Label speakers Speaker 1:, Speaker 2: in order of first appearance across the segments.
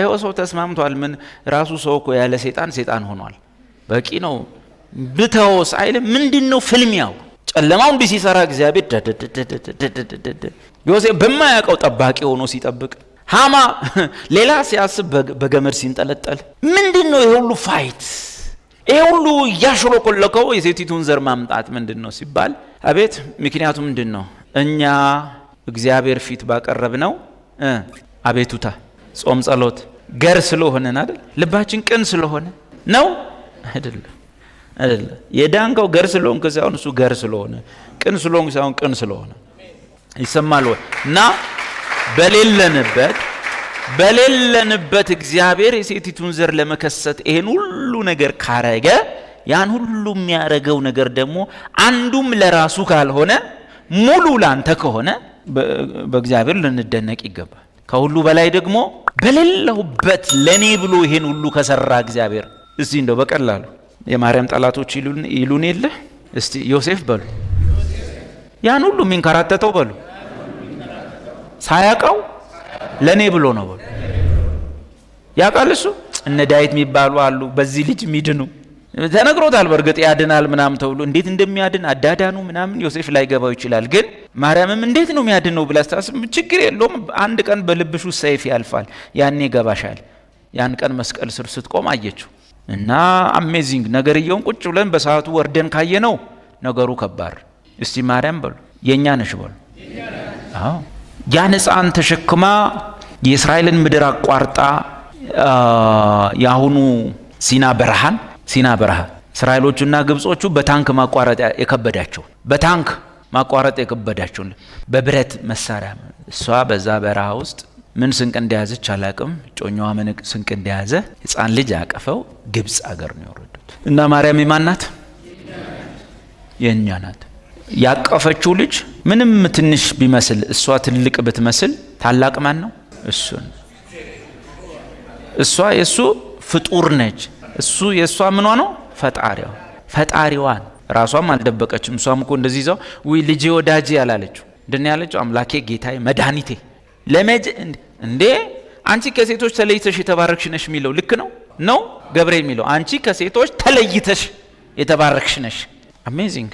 Speaker 1: ሳይሆ ሰው ተስማምቷል። ምን ራሱ ሰው እኮ ያለ ሴጣን ሴጣን ሆኗል። በቂ ነው ብተወስ አይልም። ምንድን ነው ፍልሚያው? ጨለማው እንዲህ ሲሰራ እግዚአብሔር ደደደደደደደደ ዮሴፍ በማያውቀው ጠባቂ ሆኖ ሲጠብቅ፣ ሃማ ሌላ ሲያስብ በገመድ ሲንጠለጠል፣ ምንድን ነው ይሄ ሁሉ ፋይት? ይሄ ሁሉ እያሽሎኮለከው የሴቲቱን ዘር ማምጣት ምንድን ነው ሲባል፣ አቤት ምክንያቱ ምንድን ነው? እኛ እግዚአብሔር ፊት ባቀረብ ነው? አቤቱታ ጾም ጸሎት ገር ስለሆነን አይደል? ልባችን ቅን ስለሆነ ነው አይደለም? አይደለም። የዳንከው ገር ስለሆንክ ሳይሆን እሱ ገር ስለሆነ ቅን ስለሆንክ ሳይሆን ቅን ስለሆነ ይሰማል ወይ? እና በሌለንበት በሌለንበት እግዚአብሔር የሴቲቱን ዘር ለመከሰት ይሄን ሁሉ ነገር ካረገ ያን ሁሉ የሚያረገው ነገር ደግሞ አንዱም ለራሱ ካልሆነ ሙሉ ላንተ ከሆነ በእግዚአብሔር ልንደነቅ ይገባል። ከሁሉ በላይ ደግሞ በሌለሁበት ለእኔ ብሎ ይሄን ሁሉ ከሰራ እግዚአብሔር እስቲ እንደው በቀላሉ የማርያም ጠላቶች ይሉን የለ እስቲ ዮሴፍ በሉ ያን ሁሉ የሚንከራተተው በሉ ሳያውቀው ለእኔ ብሎ ነው በሉ ያውቃል እሱ እነ ዳዊት የሚባሉ አሉ በዚህ ልጅ የሚድኑ ተነግሮታል። በእርግጥ ያድናል ምናምን ተብሎ እንዴት እንደሚያድን አዳዳኑ ምናምን ዮሴፍ ላይ ገባው ይችላል። ግን ማርያምም እንዴት ነው የሚያድን ነው ብላ ስታስብ ችግር የለውም አንድ ቀን በልብሹ ሰይፍ ያልፋል፣ ያኔ ገባሻል። ያን ቀን መስቀል ስር ስትቆም አየችው እና አሜዚንግ ነገርየውን ቁጭ ብለን በሰዓቱ ወርደን ካየ ነው ነገሩ ከባድ። እስቲ ማርያም በሉ የእኛ ነሽ በሉ። አዎ ያን ሕፃን ተሸክማ የእስራኤልን ምድር አቋርጣ የአሁኑ ሲና በረሃን ሲና በረሃ እስራኤሎቹና ግብጾቹ በታንክ ማቋረጥ የከበዳቸው በታንክ ማቋረጥ የከበዳቸው በብረት መሳሪያ እሷ በዛ በረሃ ውስጥ ምን ስንቅ እንደያዘች አላቅም። ጮኛዋ ምን ስንቅ እንደያዘ ህፃን ልጅ ያቀፈው ግብፅ አገር ነው የወረዱት እና ማርያም የማናት የእኛ ናት። ያቀፈችው ልጅ ምንም ትንሽ ቢመስል እሷ ትልቅ ብትመስል ታላቅ ማን ነው? እሱ እሷ የእሱ ፍጡር ነች። እሱ የእሷ ምኗ ነው ፈጣሪዋ ፈጣሪዋን ራሷም አልደበቀችም። እሷም እኮ እንደዚህ ይዛው ውይ ልጄ ወዳጄ ያላለችው እንድን ያለችው አምላኬ ጌታዬ መድኃኒቴ ለመጅ እንዴ አንቺ ከሴቶች ተለይተሽ የተባረክሽ ነሽ የሚለው ልክ ነው ነው ገብርኤል የሚለው አንቺ ከሴቶች ተለይተሽ የተባረክሽ ነሽ። አሜዚንግ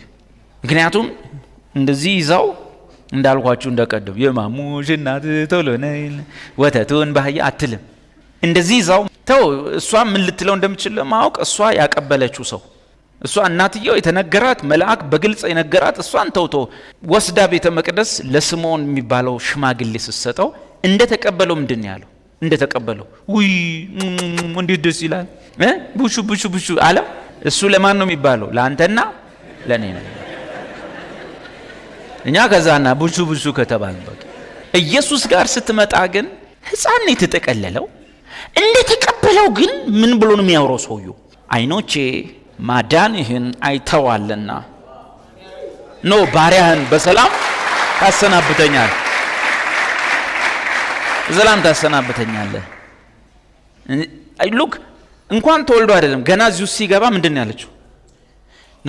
Speaker 1: ምክንያቱም እንደዚህ ይዛው እንዳልኳችሁ እንደቀደም የማሙሽ እናት ቶሎ ነይ ወተቱን ባህያ አትልም። እንደዚህ ይዛው ተው እሷ ምን ልትለው እንደምችል ለማወቅ እሷ ያቀበለችው ሰው እሷ እናትየው የተነገራት መልአክ በግልጽ የነገራት እሷን ተውቶ ወስዳ ቤተ መቅደስ ለስምዖን የሚባለው ሽማግሌ ስትሰጠው እንደተቀበለው ምንድን ያለው? እንደተቀበለው ውይ እንዴት ደስ ይላል ቡሹ ቡሹ ቡሹ አለ። እሱ ለማን ነው የሚባለው? ለአንተና ለእኔ ነው። እኛ ከዛና ቡሹ ቡሹ ከተባል ኢየሱስ ጋር ስትመጣ ግን ህፃን የተጠቀለለው እንደተቀ ሌላው ግን ምን ብሎ ነው የሚያወራው ሰውዩ? አይኖቼ ማዳንህን አይተዋልና ኖ ባሪያህን በሰላም ታሰናብተኛል፣ በሰላም ታሰናብተኛለህ። ሉክ እንኳን ተወልዶ አይደለም ገና እዚሁ ሲገባ ምንድን ነው ያለችው?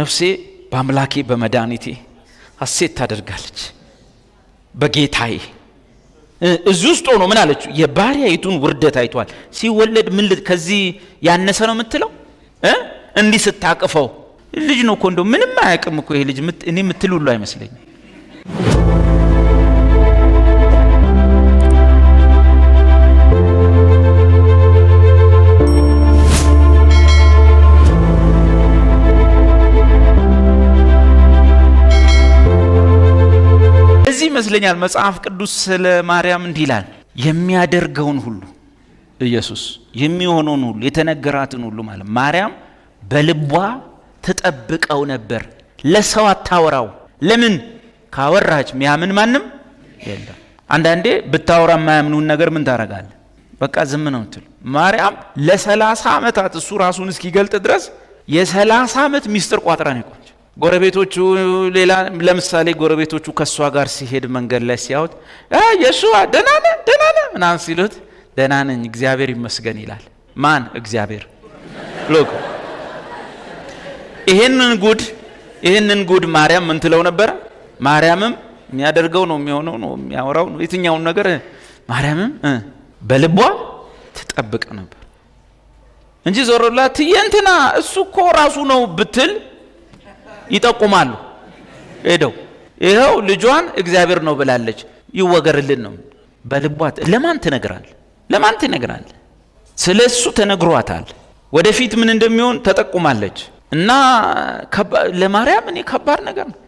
Speaker 1: ነፍሴ በአምላኬ በመድኃኒቴ ሐሴት ታደርጋለች በጌታዬ እዚህ ውስጥ ሆኖ ምን አለችው? የባሪያይቱን ውርደት አይቷል። ሲወለድ ምን ከዚህ ያነሰ ነው የምትለው? እንዲህ ስታቅፈው ልጅ ነው እኮ እንደው ምንም አያቅም እኮ ይሄ ልጅ እኔ የምትል ሁሉ ይመስለኛል መጽሐፍ ቅዱስ ስለ ማርያም እንዲህ ይላል፣ የሚያደርገውን ሁሉ ኢየሱስ የሚሆነውን ሁሉ የተነገራትን ሁሉ ማለት ማርያም በልቧ ትጠብቀው ነበር። ለሰው አታወራው። ለምን ካወራች ሚያምን ማንም የለም። አንዳንዴ ብታወራ የማያምኑን ነገር ምን ታረጋለ? በቃ ዝም ነው ትል ማርያም ለሰላሳ ዓመታት እሱ ራሱን እስኪገልጥ ድረስ የሰላሳ ዓመት ሚስጥር ቋጥራን ይቆች ጎረቤቶቹ ሌላ ለምሳሌ ጎረቤቶቹ ከእሷ ጋር ሲሄድ መንገድ ላይ ሲያዩት የሽዋ ደህና ነህ ደህና ነህ ምናምን ሲሉት ደህና ነኝ እግዚአብሔር ይመስገን ይላል። ማን እግዚአብሔር። ሎክ ይህንን ጉድ ይህንን ጉድ ማርያም ምን ትለው ነበረ? ማርያምም የሚያደርገው ነው የሚሆነው ነው የሚያወራው ነው የትኛውን ነገር ማርያምም በልቧ ትጠብቅ ነበር እንጂ ዞሮላ ትየንትና እሱ እኮ ራሱ ነው ብትል ይጠቁማሉ። ሄደው ይኸው ልጇን እግዚአብሔር ነው ብላለች ይወገርልን ነው በልቧት። ለማን ትነግራል? ለማን ትነግራል? ስለ እሱ ተነግሯታል። ወደፊት ምን እንደሚሆን ተጠቁማለች። እና ለማርያም እኔ ከባድ ነገር ነው።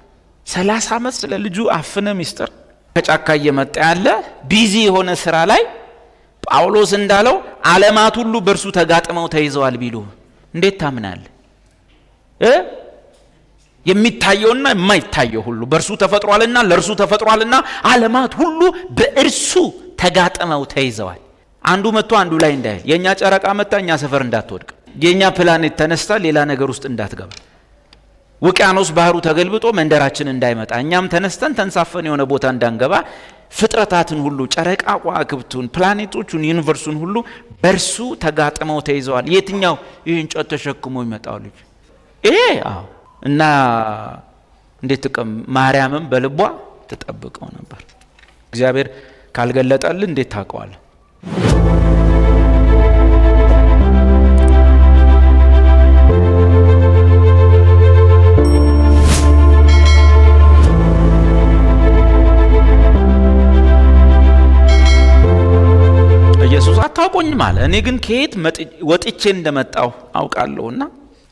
Speaker 1: ሰላሳ ዓመት ስለ ልጁ አፍነ ሚስጥር ከጫካ እየመጣ ያለ ቢዚ የሆነ ስራ ላይ ጳውሎስ እንዳለው ዓለማት ሁሉ በእርሱ ተጋጥመው ተይዘዋል ቢሉ እንዴት ታምናለ? የሚታየውና የማይታየው ሁሉ በእርሱ ተፈጥሯልና ለእርሱ ተፈጥሯልና አለማት ሁሉ በእርሱ ተጋጥመው ተይዘዋል። አንዱ መጥቶ አንዱ ላይ እንዳይል፣ የእኛ ጨረቃ መታ እኛ ሰፈር እንዳትወድቅ፣ የእኛ ፕላኔት ተነስታ ሌላ ነገር ውስጥ እንዳትገባ፣ ውቅያኖስ ባህሩ ተገልብጦ መንደራችን እንዳይመጣ፣ እኛም ተነስተን ተንሳፈን የሆነ ቦታ እንዳንገባ፣ ፍጥረታትን ሁሉ ጨረቃ፣ ቋክብቱን ፕላኔቶቹን፣ ዩኒቨርሱን ሁሉ በእርሱ ተጋጥመው ተይዘዋል። የትኛው ይህ እንጨት ተሸክሞ ይመጣው ልጅ ይሄ እና እንዴት ጥቅም ማርያምም በልቧ ትጠብቀው ነበር። እግዚአብሔር ካልገለጠል እንዴት ታውቀዋል? ኢየሱስ አታውቁኝም አለ፣ እኔ ግን ከየት ወጥቼ እንደመጣሁ አውቃለሁና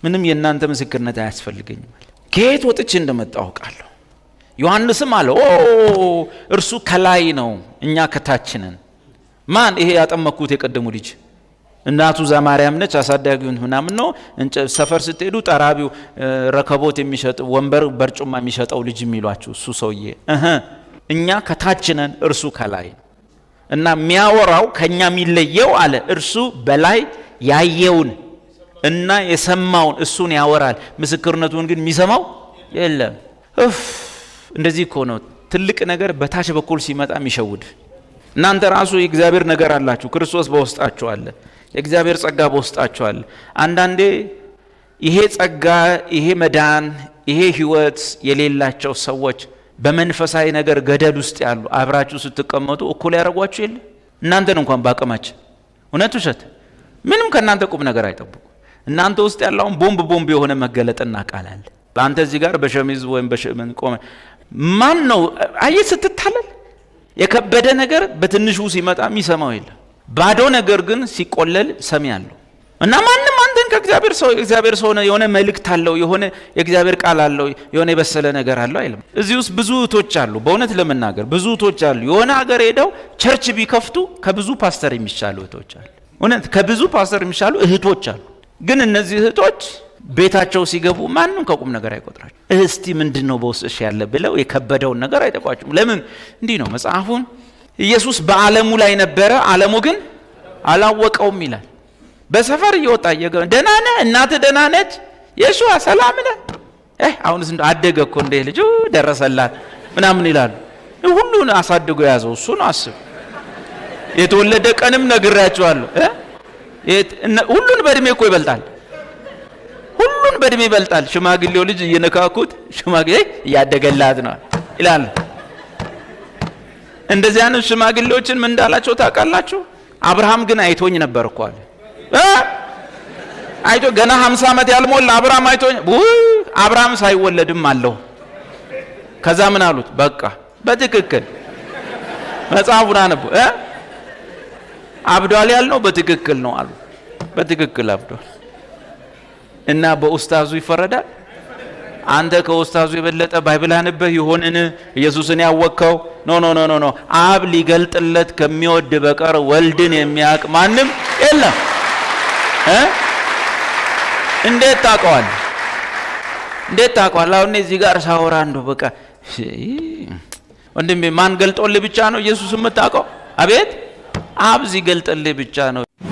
Speaker 1: ምንም የእናንተ ምስክርነት አያስፈልገኝም ከየት ወጥቼ እንደመጣ አውቃለሁ። ዮሐንስም አለ ኦ እርሱ ከላይ ነው፣ እኛ ከታችንን ማን ይሄ ያጠመኩት የቀደሙ ልጅ እናቱ ዛማርያም ነች። አሳዳጊውን ምናምን ነው። ሰፈር ስትሄዱ ጠራቢው ረከቦት የሚሸጥ ወንበር በርጩማ የሚሸጠው ልጅ የሚሏችሁ እሱ ሰውዬ እኛ ከታችነን እርሱ ከላይ ነው እና የሚያወራው ከእኛ የሚለየው አለ እርሱ በላይ ያየውን እና የሰማውን እሱን ያወራል። ምስክርነቱን ግን የሚሰማው የለም። እፍ እንደዚህ እኮ ነው ትልቅ ነገር በታች በኩል ሲመጣ የሚሸውድ። እናንተ ራሱ የእግዚአብሔር ነገር አላችሁ፣ ክርስቶስ በውስጣችሁ አለ፣ የእግዚአብሔር ጸጋ በውስጣችሁ አለ። አንዳንዴ ይሄ ጸጋ ይሄ መዳን ይሄ ህይወት የሌላቸው ሰዎች በመንፈሳዊ ነገር ገደል ውስጥ ያሉ አብራችሁ ስትቀመጡ እኩል ያደረጓችሁ የለ እናንተን እንኳን በአቅማችን እውነት ውሸት ምንም ከእናንተ ቁም ነገር አይጠብቁ እናንተ ውስጥ ያለውን ቦምብ ቦምብ የሆነ መገለጥ እናቃላል። በአንተ እዚህ ጋር በሸሚዝ ወይም በሸምን ቆመ ማን ነው አየ ስትታለል የከበደ ነገር በትንሹ ሲመጣ የሚሰማው የለም። ባዶ ነገር ግን ሲቆለል ሰሚ አለው እና ማንም አንተን ከእግዚአብሔር ሰው እግዚአብሔር ሰው የሆነ መልእክት አለው የሆነ የእግዚአብሔር ቃል አለው የሆነ የበሰለ ነገር አለው አይልም። እዚህ ውስጥ ብዙ እህቶች አሉ። በእውነት ለመናገር ብዙ እህቶች አሉ። የሆነ ሀገር ሄደው ቸርች ቢከፍቱ ከብዙ ፓስተር የሚሻሉ እህቶች አሉ። እውነት ከብዙ ፓስተር የሚሻሉ እህቶች አሉ። ግን እነዚህ እህቶች ቤታቸው ሲገቡ ማንም ከቁም ነገር አይቆጥራቸው። እስቲ ምንድን ነው በውስጥሽ ያለ ብለው የከበደውን ነገር አይጠቋቸውም። ለምን እንዲህ ነው መጽሐፉን ኢየሱስ በዓለሙ ላይ ነበረ፣ ዓለሙ ግን አላወቀውም ይላል። በሰፈር እየወጣ እየገ ደህና ነህ እናትህ ደህና ነች የሸዋ ሰላም ነህ አሁንስ አደገ እኮ እንደ ልጁ ደረሰላት ምናምን ይላሉ። ሁሉን አሳድጎ የያዘው እሱ ነው። አስብ የተወለደ ቀንም ነግሬያቸዋለሁ። ሁሉን በእድሜ እኮ ይበልጣል። ሁሉን በእድሜ ይበልጣል። ሽማግሌው ልጅ እየነካኩት ሽማግሌ እያደገላት ነው ይላል። እንደዚህ አይነት ሽማግሌዎችን ምን እንዳላቸው ታውቃላችሁ? አብርሃም ግን አይቶኝ ነበር እኮ አለ። አይቶ ገና 50 ዓመት ያልሞላ አብርሃም አይቶኝ። አብርሃም ሳይወለድም አለው። ከዛ ምን አሉት? በቃ በትክክል መጽሐፉን አነቡ። አብዷል ያልነው በትክክል ነው አሉ። በትክክል አብዷል እና በኡስታዙ ይፈረዳል። አንተ ከኡስታዙ የበለጠ አንበህ ይሆንን? ኢየሱስን ያወቅከው? ኖ ኖ ኖ ኖ። አብ ሊገልጥለት ከሚወድ በቀር ወልድን የሚያውቅ ማንም የለም። እንዴት ታቀዋል እንዴት ታቀዋል አሁን እዚህ ጋር ሳወራ እንዶ በቃ ወንድሜ ማን ገልጦልህ ብቻ ነው ኢየሱስ የምታውቀው? አቤት አብ ገልጠልህ ብቻ ነው።